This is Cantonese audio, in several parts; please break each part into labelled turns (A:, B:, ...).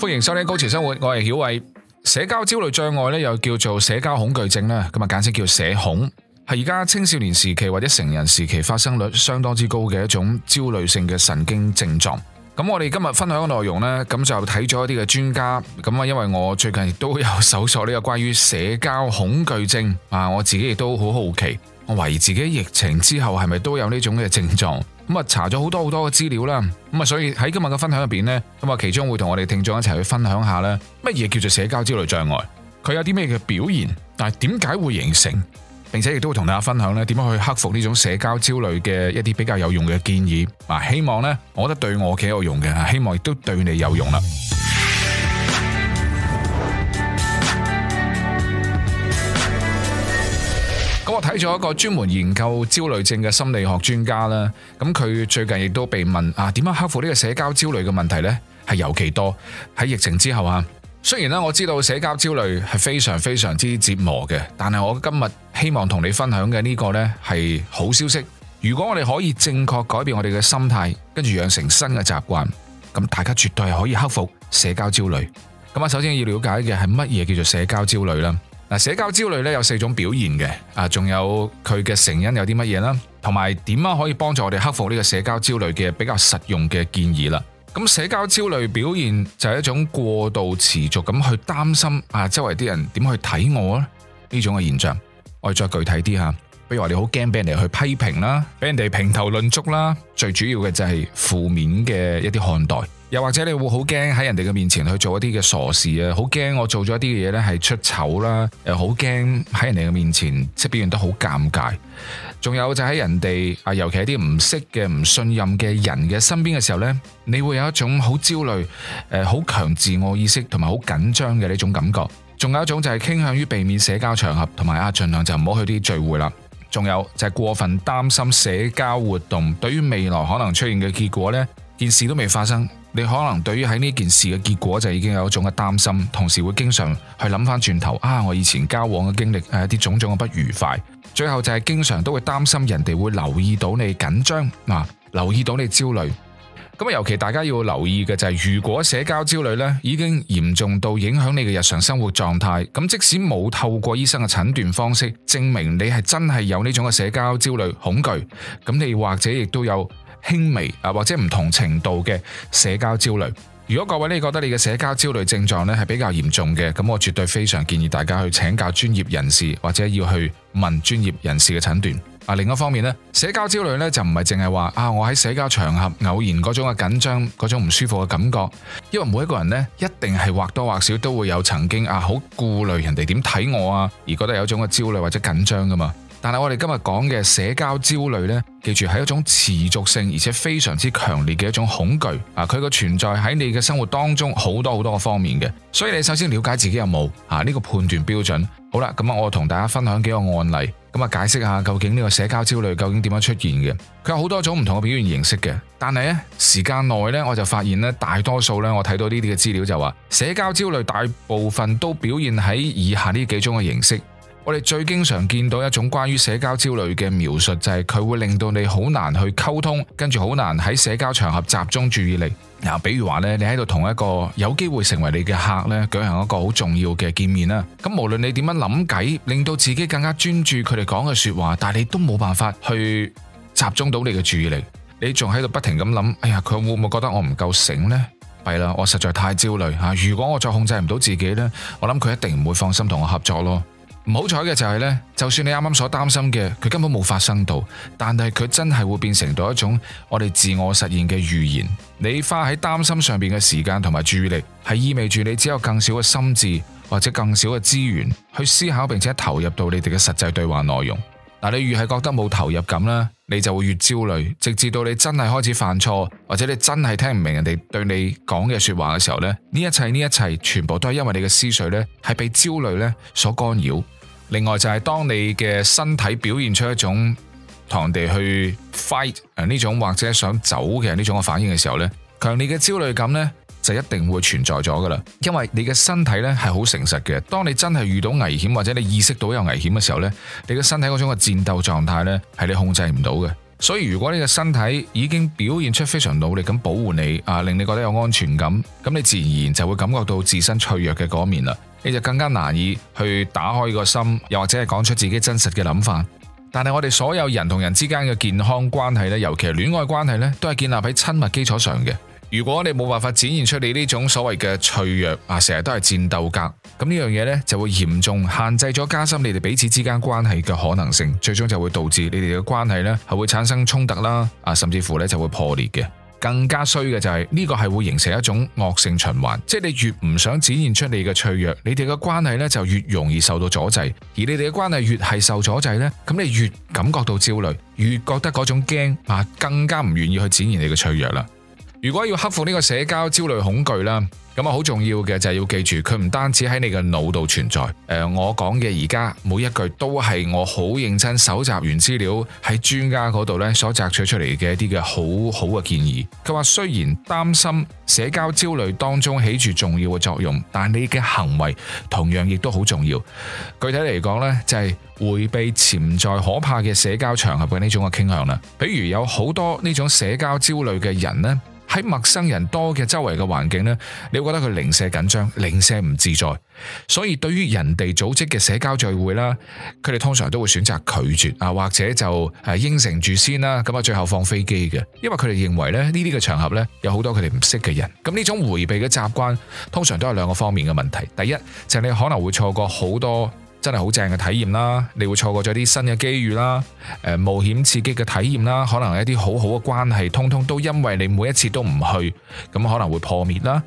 A: 歡迎收聽《高潮生活》，我係曉偉。社交焦慮障礙咧，又叫做社交恐懼症咧，咁啊，簡稱叫社恐，係而家青少年時期或者成人時期發生率相當之高嘅一種焦慮性嘅神經症狀。咁我哋今日分享嘅內容呢，咁就睇咗一啲嘅專家，咁啊，因為我最近亦都有搜索呢個關於社交恐懼症啊，我自己亦都好好奇，我懷疑自己疫情之後係咪都有呢種嘅症狀。咁啊，查咗好多好多嘅資料啦，咁啊，所以喺今日嘅分享入邊呢，咁啊，其中會同我哋聽眾一齊去分享下呢，乜嘢叫做社交焦慮障礙，佢有啲咩嘅表現，但係點解會形成，並且亦都會同大家分享呢，點樣去克服呢種社交焦慮嘅一啲比較有用嘅建議，嗱，希望呢，我覺得對我幾有用嘅，希望亦都對你有用啦。我睇咗一個專門研究焦慮症嘅心理學專家啦，咁佢最近亦都被問啊，點樣克服呢個社交焦慮嘅問題呢？係尤其多喺疫情之後啊。雖然呢我知道社交焦慮係非常非常之折磨嘅，但係我今日希望同你分享嘅呢個呢係好消息。如果我哋可以正確改變我哋嘅心態，跟住養成新嘅習慣，咁大家絕對係可以克服社交焦慮。咁啊，首先要了解嘅係乜嘢叫做社交焦慮啦。嗱，社交焦慮咧有四種表現嘅，啊，仲有佢嘅成因有啲乜嘢啦，同埋點樣可以幫助我哋克服呢個社交焦慮嘅比較實用嘅建議啦。咁社交焦慮表現就係一種過度持續咁去擔心啊，周圍啲人點去睇我咧呢種嘅現象。我哋再具體啲嚇，比如話你好驚俾人哋去批評啦，俾人哋評頭論足啦，最主要嘅就係負面嘅一啲看待。又或者你會好驚喺人哋嘅面前去做一啲嘅傻事啊，好驚我做咗一啲嘅嘢呢，係出醜啦，又好驚喺人哋嘅面前即表現得好尷尬。仲有就喺人哋啊，尤其係啲唔識嘅、唔信任嘅人嘅身邊嘅時候呢，你會有一種好焦慮、誒，好強自我意識同埋好緊張嘅呢種感覺。仲有一種就係傾向於避免社交場合，同埋啊盡量就唔好去啲聚會啦。仲有就係過分擔心社交活動對於未來可能出現嘅結果呢，件事都未發生。你可能對於喺呢件事嘅結果就已經有一種嘅擔心，同時會經常去諗翻轉頭啊！我以前交往嘅經歷係一啲種種嘅不愉快，最後就係經常都會擔心人哋會留意到你緊張啊，留意到你焦慮。咁、嗯、啊，尤其大家要留意嘅就係、是，如果社交焦慮呢已經嚴重到影響你嘅日常生活狀態，咁即使冇透過醫生嘅診斷方式證明你係真係有呢種嘅社交焦慮恐懼，咁你或者亦都有。輕微啊，或者唔同程度嘅社交焦慮。如果各位你覺得你嘅社交焦慮症狀咧係比較嚴重嘅，咁我絕對非常建議大家去請教專業人士，或者要去問專業人士嘅診斷。啊，另一方面，社交焦慮呢就唔係淨係話啊，我喺社交場合偶然嗰種嘅緊張、嗰種唔舒服嘅感覺。因為每一個人呢，一定係或多或少都會有曾經啊好顧慮人哋點睇我啊，而覺得有一種嘅焦慮或者緊張噶嘛。但係我哋今日講嘅社交焦慮呢，記住係一種持續性而且非常之強烈嘅一種恐懼啊！佢個存在喺你嘅生活當中好多好多個方面嘅，所以你首先了解自己有冇啊呢個判斷標準。好啦，咁啊，我同大家分享幾個案例，咁啊，解釋下究竟呢個社交焦慮究竟點樣出現嘅？佢有好多種唔同嘅表現形式嘅，但係呢時間內呢，我就發現呢，大多數呢，我睇到呢啲嘅資料就話，社交焦慮大部分都表現喺以下呢幾種嘅形式。我哋最經常見到一種關於社交焦慮嘅描述，就係佢會令到你好難去溝通，跟住好難喺社交場合集中注意力。嗱，比如話咧，你喺度同一個有機會成為你嘅客咧，舉行一個好重要嘅見面啦。咁無論你點樣諗計，令到自己更加專注佢哋講嘅說話，但係你都冇辦法去集中到你嘅注意力。你仲喺度不停咁諗，哎呀，佢會唔會覺得我唔夠醒呢？弊啦，我實在太焦慮！如果我再控制唔到自己呢，我諗佢一定唔會放心同我合作咯。唔好彩嘅就係呢。就算你啱啱所擔心嘅，佢根本冇發生到，但係佢真係會變成到一種我哋自我實現嘅預言。你花喺擔心上邊嘅時間同埋注意力，係意味住你只有更少嘅心智或者更少嘅資源去思考並且投入到你哋嘅實際對話內容。嗱，你越係覺得冇投入感啦。你就會越焦慮，直至到你真係開始犯錯，或者你真係聽唔明人哋對你講嘅說話嘅時候咧，呢一切呢一切全部都係因為你嘅思緒咧係被焦慮咧所干擾。另外就係當你嘅身體表現出一種同人哋去 fight 呢種或者想走嘅呢種反應嘅時候咧，強烈嘅焦慮感就一定會存在咗噶啦，因為你嘅身體呢係好誠實嘅。當你真係遇到危險或者你意識到有危險嘅時候呢，你嘅身體嗰種嘅戰鬥狀態呢係你控制唔到嘅。所以如果你嘅身體已經表現出非常努力咁保護你啊，令你覺得有安全感，咁你自然而然就會感覺到自身脆弱嘅嗰面啦。你就更加難以去打開個心，又或者係講出自己真實嘅諗法。但係我哋所有人同人之間嘅健康關係呢，尤其係戀愛關係呢，都係建立喺親密基礎上嘅。如果你冇辦法展現出你呢種所謂嘅脆弱啊，成日都係戰鬥格咁，呢樣嘢，呢就會嚴重限制咗加深你哋彼此之間關係嘅可能性。最終就會導致你哋嘅關係呢係會產生衝突啦啊，甚至乎呢就會破裂嘅。更加衰嘅就係呢個係會形成一種惡性循環，即係你越唔想展現出你嘅脆弱，你哋嘅關係呢就越容易受到阻滯，而你哋嘅關係越係受阻滯呢，咁你越感覺到焦慮，越覺得嗰種驚啊，更加唔願意去展現你嘅脆弱啦。如果要克服呢個社交焦慮恐懼啦，咁啊好重要嘅就係要記住，佢唔單止喺你嘅腦度存在。誒，我講嘅而家每一句都係我好認真搜集完資料，喺專家嗰度呢所摘取出嚟嘅一啲嘅好好嘅建議。佢話雖然擔心社交焦慮當中起住重要嘅作用，但你嘅行為同樣亦都好重要。具體嚟講呢，就係回避潛在可怕嘅社交場合嘅呢種嘅傾向啦。比如有好多呢種社交焦慮嘅人呢。喺陌生人多嘅周圍嘅環境呢，你會覺得佢零舍緊張，零舍唔自在，所以對於人哋組織嘅社交聚會啦，佢哋通常都會選擇拒絕啊，或者就誒應承住先啦，咁啊最後放飛機嘅，因為佢哋認為咧呢啲嘅場合呢，有好多佢哋唔識嘅人，咁呢種回避嘅習慣通常都係兩個方面嘅問題，第一就係、是、你可能會錯過好多。真係好正嘅體驗啦，你會錯過咗啲新嘅機遇啦、呃，冒險刺激嘅體驗啦，可能一啲好好嘅關係，通通都因為你每一次都唔去，咁可能會破滅啦。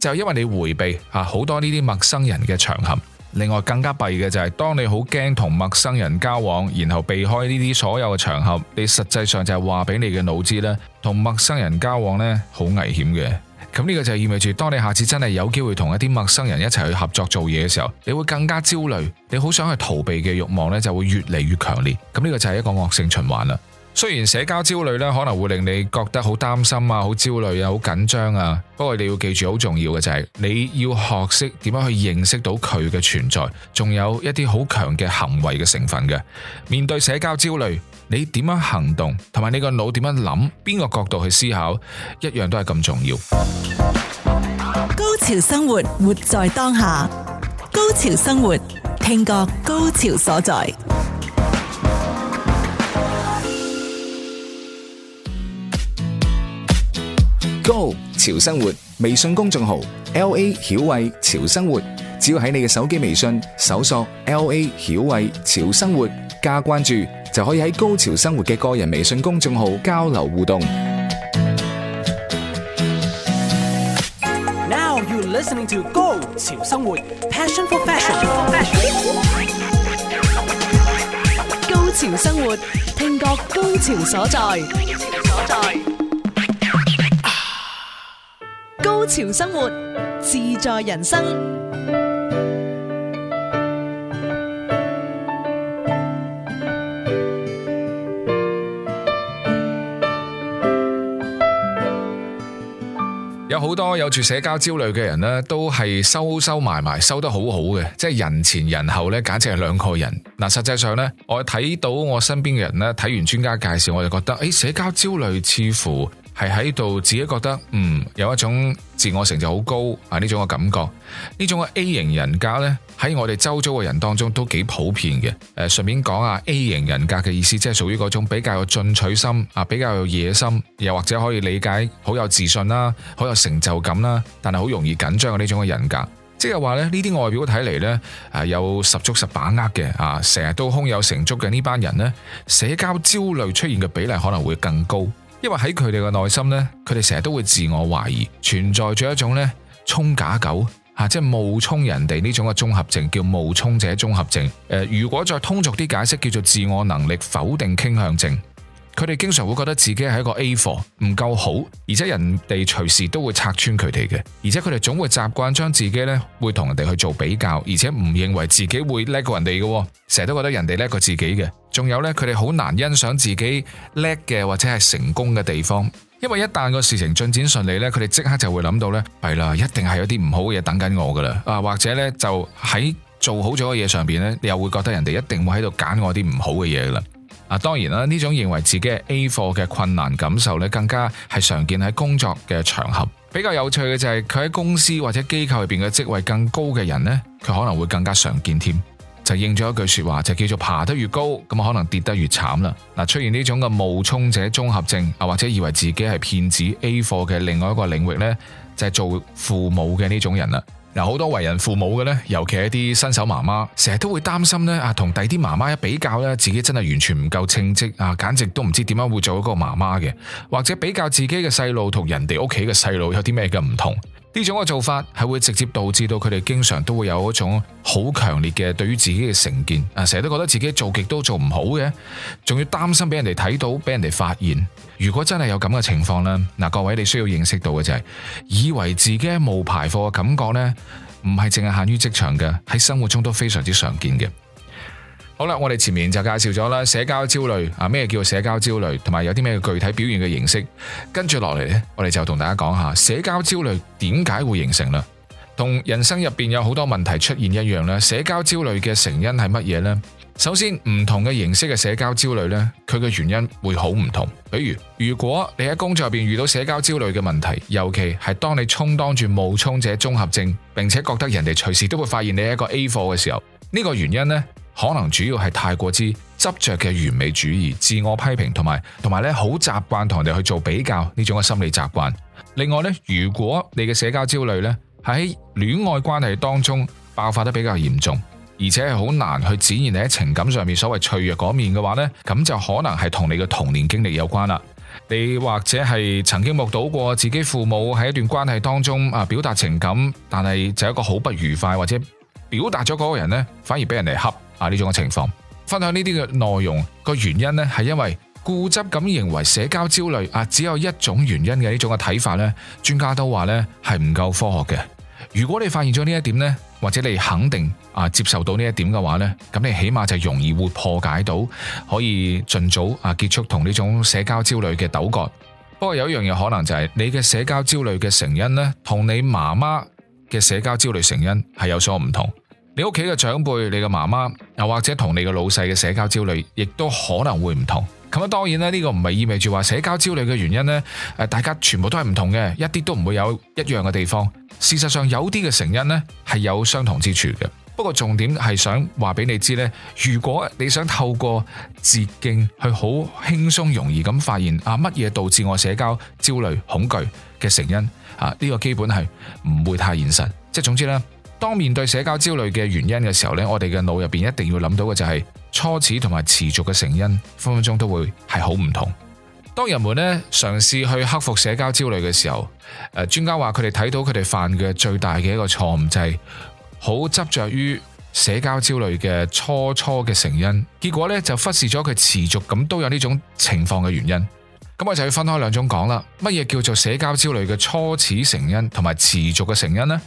A: 就因為你回避啊好多呢啲陌生人嘅場合。另外更加弊嘅就係當你好驚同陌生人交往，然後避開呢啲所有嘅場合，你實際上就係話俾你嘅腦子咧，同陌生人交往呢，好危險嘅。咁呢個就意味住，當你下次真係有機會同一啲陌生人一齊去合作做嘢嘅時候，你會更加焦慮，你好想去逃避嘅欲望呢，就會越嚟越強烈。咁呢個就係一個惡性循環啦。雖然社交焦慮呢，可能會令你覺得好擔心啊、好焦慮啊、好緊張啊，不過你要記住好重要嘅就係你要學識點樣去認識到佢嘅存在，仲有一啲好強嘅行為嘅成分嘅。面對社交焦慮。你點樣行動，同埋你個腦點樣諗，邊個角度去思考，一樣都係咁重要。高潮生活，活在當下。高潮生活，聽覺高潮所在。高潮生活微信公眾號 L A 曉慧潮生活，只要喺你嘅手機微信搜索 L A 曉慧潮生活，加關注。就可以喺高潮生活嘅個人微信公眾號交流互動。Now you listening to 高潮生活，Passion for fashion。高潮生活，聽覺高潮所在。高潮所在。高潮生活，自在人生。有好多有住社交焦慮嘅人呢，都係收收埋埋，收得好好嘅，即係人前人後呢，簡直係兩個人。嗱，實際上呢，我睇到我身邊嘅人呢，睇完專家介紹，我就覺得，誒、欸，社交焦慮似乎。係喺度自己覺得，嗯，有一種自我成就好高啊，呢種嘅感覺，呢種嘅 A 型人格呢，喺我哋周遭嘅人當中都幾普遍嘅。誒、啊、順便講下 A 型人格嘅意思即係屬於嗰種比較有進取心啊，比較有野心又或者可以理解好有自信啦，好有成就感啦，但係好容易緊張嘅呢種嘅人格，即係話呢，呢啲外表睇嚟呢，有、啊、十足十把握嘅、啊、成日都空有成竹嘅呢班人呢，社交焦慮出現嘅比例可能會更高。因為喺佢哋嘅內心呢，佢哋成日都會自我懷疑，存在住一種咧充假狗啊，即係冒充人哋呢種嘅綜合症，叫冒充者綜合症。如果再通俗啲解釋，叫做自我能力否定傾向症。佢哋經常會覺得自己係一個 A 貨，唔夠好，而且人哋隨時都會拆穿佢哋嘅，而且佢哋總會習慣將自己呢會同人哋去做比較，而且唔認為自己會叻過人哋嘅，成日都覺得人哋叻過自己嘅。仲有呢，佢哋好難欣賞自己叻嘅或者係成功嘅地方，因為一旦個事情進展順利呢，佢哋即刻就會諗到呢：「係啦，一定係有啲唔好嘅嘢等緊我㗎啦。啊，或者呢，就喺做好咗嘅嘢上邊呢，你又會覺得人哋一定會喺度揀我啲唔好嘅嘢嘅啦。啊，當然啦，呢種認為自己係 A 貨嘅困難感受咧，更加係常見喺工作嘅場合。比較有趣嘅就係佢喺公司或者機構入邊嘅職位更高嘅人呢，佢可能會更加常見添。就應咗一句說話，就叫做爬得越高，咁可能跌得越慘啦。嗱，出現呢種嘅冒充者綜合症啊，或者以為自己係騙子 A 貨嘅另外一個領域呢，就係、是、做父母嘅呢種人啦。嗱，好多為人父母嘅咧，尤其係一啲新手媽媽，成日都會擔心咧，啊，同第啲媽媽一比較咧，自己真係完全唔夠稱職啊，簡直都唔知點樣會做一個媽媽嘅，或者比較自己嘅細路同人哋屋企嘅細路有啲咩嘅唔同。呢種嘅做法係會直接導致到佢哋經常都會有嗰種好強烈嘅對於自己嘅成見，啊，成日都覺得自己做極都做唔好嘅，仲要擔心俾人哋睇到，俾人哋發現。如果真係有咁嘅情況呢，嗱，各位你需要認識到嘅就係、是，以為自己冒牌貨嘅感覺呢，唔係淨係限於職場嘅，喺生活中都非常之常見嘅。好啦，我哋前面就介紹咗啦，社交焦慮啊，咩叫社交焦慮，同埋有啲咩具體表現嘅形式。跟住落嚟呢，我哋就同大家講下社交焦慮點解會形成啦，同人生入邊有好多問題出現一樣啦。社交焦慮嘅成因係乜嘢呢？首先，唔同嘅形式嘅社交焦慮呢，佢嘅原因會好唔同。比如，如果你喺工作入邊遇到社交焦慮嘅問題，尤其係當你充當住冒充者綜合症，並且覺得人哋隨時都會發現你係一個 A 貨嘅時候，呢個原因呢，可能主要係太過之執着嘅完美主義、自我批評，同埋同埋咧好習慣同人哋去做比較呢種嘅心理習慣。另外呢，如果你嘅社交焦慮呢喺戀愛關係當中爆發得比較嚴重，而且係好難去展現你喺情感上面所謂脆弱嗰面嘅話呢，咁就可能係同你嘅童年經歷有關啦。你或者係曾經目睹過自己父母喺一段關係當中啊表達情感，但係就一個好不愉快，或者表達咗嗰個人呢，反而俾人嚟恰。呢種嘅情況，分享呢啲嘅內容個原因呢係因為固執咁認為社交焦慮啊只有一種原因嘅呢種嘅睇法呢，專家都話呢係唔夠科學嘅。如果你發現咗呢一點呢，或者你肯定啊接受到呢一點嘅話呢，咁你起碼就容易會破解到，可以盡早啊結束同呢種社交焦慮嘅鬥爭。不過有一樣嘢可能就係、是、你嘅社交焦慮嘅成因呢，同你媽媽嘅社交焦慮成因係有所唔同。你屋企嘅長輩、你嘅媽媽，又或者同你嘅老細嘅社交焦慮，亦都可能會唔同。咁啊，當然啦，呢個唔係意味住話社交焦慮嘅原因呢，誒，大家全部都係唔同嘅，一啲都唔會有一樣嘅地方。事實上，有啲嘅成因呢係有相同之處嘅。不過重點係想話俾你知咧，如果你想透過捷徑去好輕鬆容易咁發現啊乜嘢導致我社交焦慮恐懼嘅成因啊，呢個基本係唔會太現實。即係總之呢。當面對社交焦慮嘅原因嘅時候呢，我哋嘅腦入邊一定要諗到嘅就係初始同埋持續嘅成因，分分鐘都會係好唔同。當人們呢嘗試去克服社交焦慮嘅時候，誒，專家話佢哋睇到佢哋犯嘅最大嘅一個錯誤就係好執着於社交焦慮嘅初初嘅成因，結果呢，就忽視咗佢持續咁都有呢種情況嘅原因。咁我就要分開兩種講啦。乜嘢叫做社交焦慮嘅初始成因同埋持續嘅成因呢？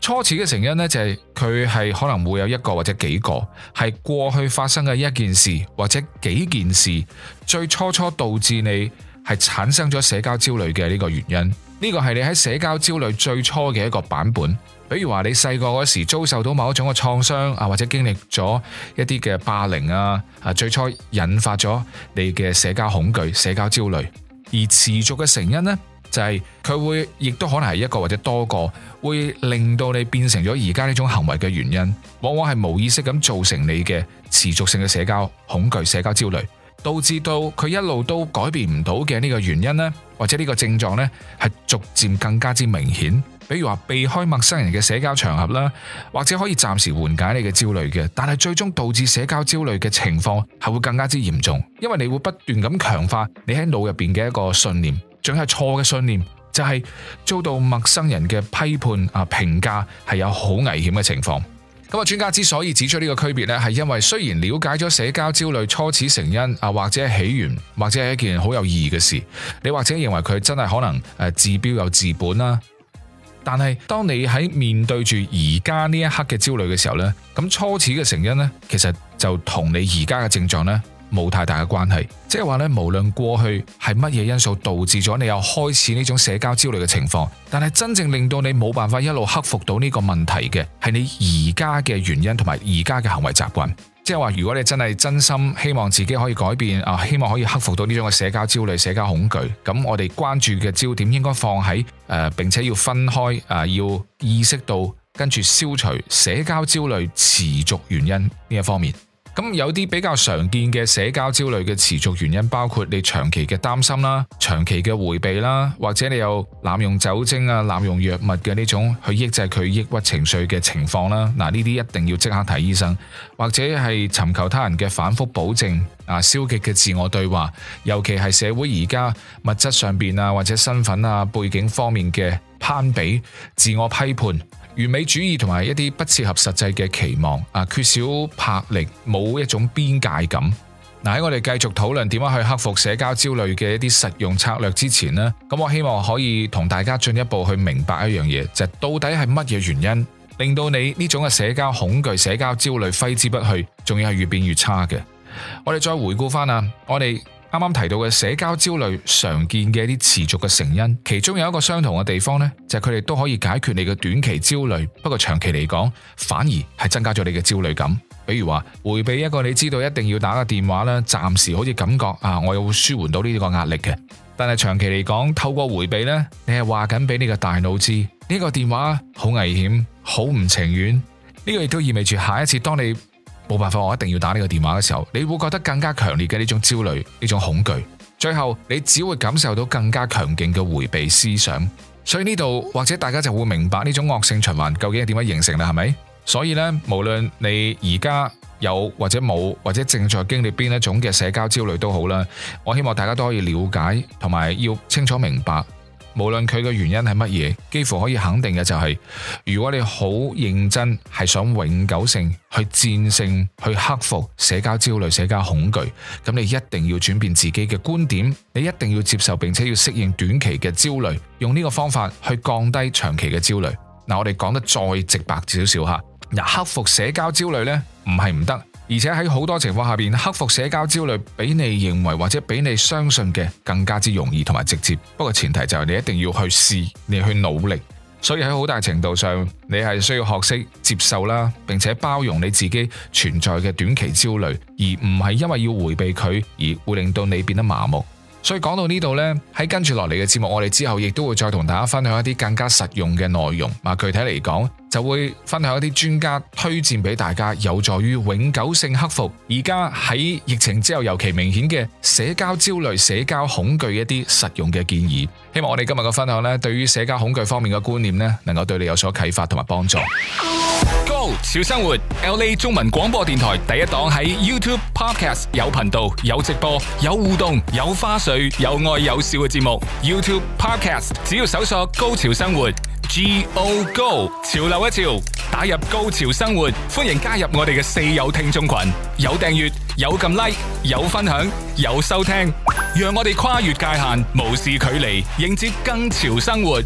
A: 初始嘅成因呢，就係佢係可能會有一個或者幾個係過去發生嘅一件事或者幾件事，最初初導致你係產生咗社交焦慮嘅呢個原因。呢個係你喺社交焦慮最初嘅一個版本。比如話你細個嗰時遭受到某一種嘅創傷啊，或者經歷咗一啲嘅霸凌啊，啊最初引發咗你嘅社交恐懼、社交焦慮，而持續嘅成因呢？就係佢會，亦都可能係一個或者多個會令到你變成咗而家呢種行為嘅原因，往往係無意識咁造成你嘅持續性嘅社交恐懼、社交焦慮，導致到佢一路都改變唔到嘅呢個原因咧，或者呢個症狀呢係逐漸更加之明顯。比如話避開陌生人嘅社交場合啦，或者可以暫時緩解你嘅焦慮嘅，但係最終導致社交焦慮嘅情況係會更加之嚴重，因為你會不斷咁強化你喺腦入邊嘅一個信念。仲係錯嘅信念，就係、是、遭到陌生人嘅批判啊評價係有好危險嘅情況。咁啊，專家之所以指出呢個區別咧，係因為雖然了解咗社交焦慮初始成因啊，或者起源，或者係一件好有意義嘅事，你或者認為佢真係可能係治標又治本啦。但係當你喺面對住而家呢一刻嘅焦慮嘅時候呢，咁初始嘅成因呢，其實就同你而家嘅症狀呢。冇太大嘅關係，即係話咧，無論過去係乜嘢因素導致咗你有開始呢種社交焦慮嘅情況，但係真正令到你冇辦法一路克服到呢個問題嘅，係你而家嘅原因同埋而家嘅行為習慣。即係話，如果你真係真心希望自己可以改變啊，希望可以克服到呢種嘅社交焦慮、社交恐懼，咁我哋關注嘅焦點應該放喺誒、呃，並且要分開啊、呃，要意識到跟住消除社交焦慮持續原因呢一方面。咁有啲比較常見嘅社交焦慮嘅持續原因，包括你長期嘅擔心啦、長期嘅迴避啦，或者你有濫用酒精啊、濫用藥物嘅呢種去抑制佢抑鬱情緒嘅情況啦。嗱，呢啲一定要即刻睇醫生，或者係尋求他人嘅反覆保證、啊消極嘅自我對話，尤其係社會而家物質上面啊或者身份啊背景方面嘅攀比、自我批判。完美主義同埋一啲不切合實際嘅期望，啊，缺少魄力，冇一種邊界感。嗱，喺我哋繼續討論點樣去克服社交焦慮嘅一啲實用策略之前呢，咁我希望可以同大家進一步去明白一樣嘢，就係到底係乜嘢原因令到你呢種嘅社交恐懼、社交焦慮揮之不去，仲要係越變越差嘅？我哋再回顧翻啊，我哋。啱啱提到嘅社交焦慮，常見嘅一啲持續嘅成因，其中有一個相同嘅地方呢，就係佢哋都可以解決你嘅短期焦慮，不過長期嚟講，反而係增加咗你嘅焦慮感。比如話回避一個你知道一定要打嘅電話啦，暫時好似感覺啊，我又會舒緩到呢個壓力嘅，但係長期嚟講，透過回避呢，你係話緊俾你個大腦知呢，個電話好危險，好唔情願，呢，個亦都意味住下一次當你冇辦法，我一定要打呢個電話嘅時候，你會覺得更加強烈嘅呢種焦慮、呢種恐懼，最後你只會感受到更加強勁嘅回避思想。所以呢度或者大家就會明白呢種惡性循環究竟係點樣形成啦，係咪？所以呢，無論你而家有或者冇或者正在經歷邊一種嘅社交焦慮都好啦，我希望大家都可以了解同埋要清楚明白。無論佢嘅原因係乜嘢，幾乎可以肯定嘅就係，如果你好認真係想永久性去戰勝、去克服社交焦慮、社交恐懼，咁你一定要轉變自己嘅觀點，你一定要接受並且要適應短期嘅焦慮，用呢個方法去降低長期嘅焦慮。嗱，我哋講得再直白少少吓，嗱，克服社交焦慮呢，唔係唔得。而且喺好多情況下邊，克服社交焦慮比你認為或者比你相信嘅更加之容易同埋直接。不過前提就係你一定要去試，你去努力。所以喺好大程度上，你係需要學識接受啦，並且包容你自己存在嘅短期焦慮，而唔係因為要回避佢而會令到你變得麻木。所以講到呢度呢，喺跟住落嚟嘅節目，我哋之後亦都會再同大家分享一啲更加實用嘅內容。啊，具體嚟講，就會分享一啲專家推薦俾大家，有助於永久性克服而家喺疫情之後尤其明顯嘅社交焦慮、社交恐懼一啲實用嘅建議。希望我哋今日嘅分享呢，對於社交恐懼方面嘅觀念呢，能夠對你有所啟發同埋幫助。潮生活，LA 中文廣播電台第一檔喺 YouTube Podcast 有頻道，有直播，有互動，有花絮，有愛有笑嘅節目。YouTube Podcast 只要搜索《高潮生活》。G O Go，潮流一潮，打入高潮生活，歡迎加入我哋嘅四友聽眾群，有訂閱，有撳 like，有分享，有收聽，讓我哋跨越界限，無視距離，迎接更潮生活。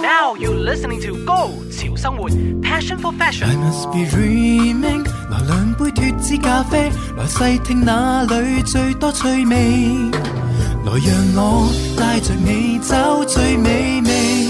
A: Now you listening to 高潮生活，Passion for fashion。I must be dreaming。來兩杯脫脂咖啡，來細聽哪裏最多趣味，來讓我帶着你找最美味。